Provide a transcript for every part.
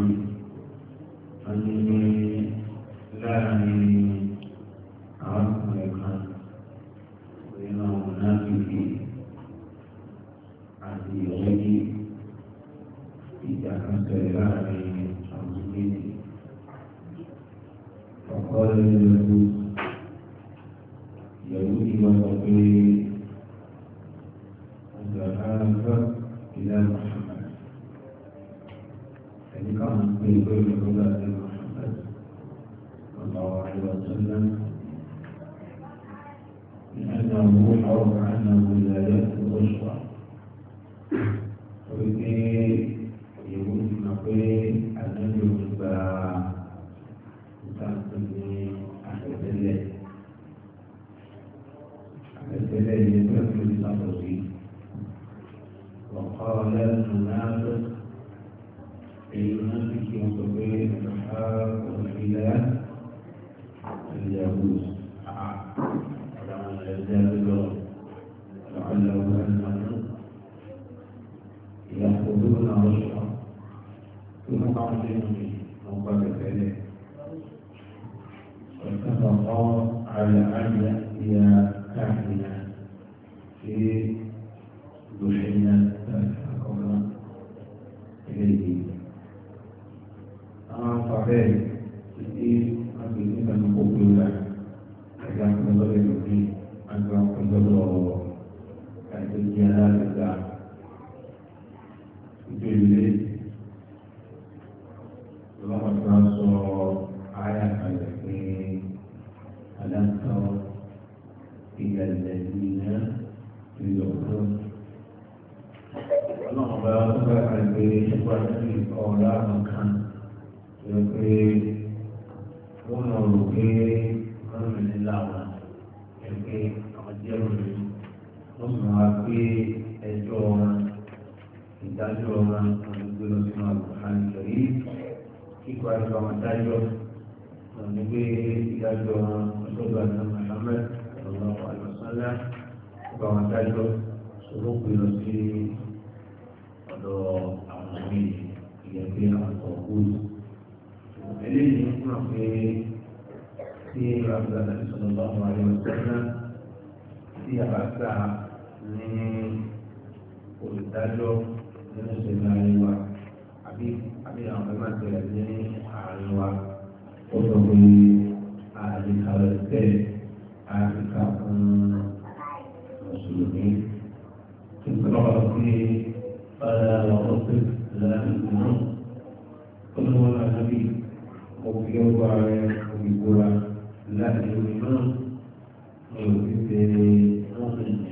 yìí wọ́n ní láàrin àwọn ọkùnrin kan nínú àwọn náà bìbí àti ìwé yìí ìjà kan ṣẹlẹ̀ láàrin àwọn méjì. sọ ìlànà. 你会留的这个。ọ̀dà ah, wá sí ọ̀rá kan yẹ pé wọ́n mọ̀ rò pé wọ́n rìn ní làwọn yẹ pé àwọn jẹ́ òní wọ́n mọ̀ wá pé ẹjọ́ wọn ìdájọ́ wọn àwọn gbé lọ sínú àgùntàn ìjọyí kíkọ àjọ àwọn dájọ́ wọn ní pé ìdájọ́ wọn ọlọ́gbà náà Muhammad ọlọ́wọ́ àlọ́sálá ọgbà àwọn dájọ́ sọlọ́pù lọ sí ọ̀dọ̀ àwọn òbí ìyẹn pé àwọn ọ̀gbọ́n. eléyìí ń kúrò pé tí abúlé sọ̀rọ̀ bá wọn àyè ọ̀sẹ̀nà tí a bá gbà ní olùdájọ́ nínú ìṣẹ̀lẹ̀ ayé wa àbí àbí àwọn ọ̀gá máa tẹ̀lé ní àárín wa ó sọ pé àyíká rẹ̀ tẹ̀ àyíká fún mùsùlùmí. Ìṣòro ọ̀sìn فلا ربك لا تؤمن قل هو نبي وبيوضع ويقول لا يؤمن ويؤمن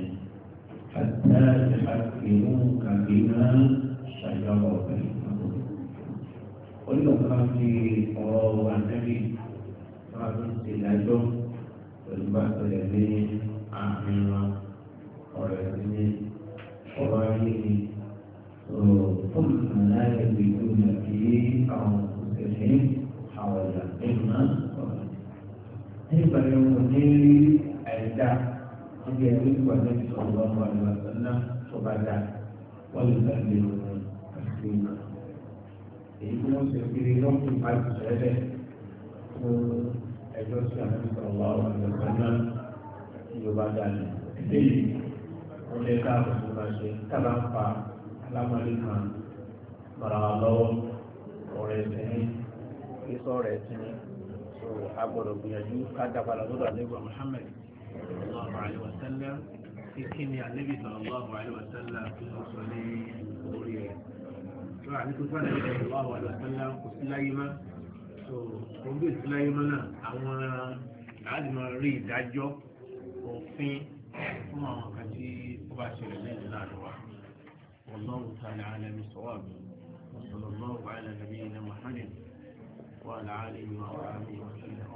حتى يحكموك بما شجر بينهم قل له في قرار ما لا يجدون في أنفسهم حولا إما nípa ni mo ní rí àìdá níbi ẹgbẹ́ ìgbà níbi sọ̀rọ̀ ọmọ àlùbà sọ́nà tó bá dá wọ́n lè gbà lé wọn fara lọ́wọ́ ọ̀rẹ́ ìsinmi kíso ọ̀rẹ́ ìsinmi so a gbọ́dọ̀ gbìyànjú ká dábàlà lọ́dọ̀ àlẹ́gbà Muhammad sallallahu alaihi wa sallam kí kí ni alaihi wa sallam fi ń ní so àlẹ́kùn fún àlẹ́bí sallallahu alaihi wa sallam so kò bí sí láyé mọ́ náà àwọn àádìmọ̀ rí ìdájọ́ òfin fún àwọn kan tí ó bá ṣẹlẹ̀ lẹ́yìn láàrin wa wọ́n lọ́rùn tààlà alẹ́ sọ́wọ́ mi وصلى الله على نبينا محمد وعلى آله وصحبه وسلم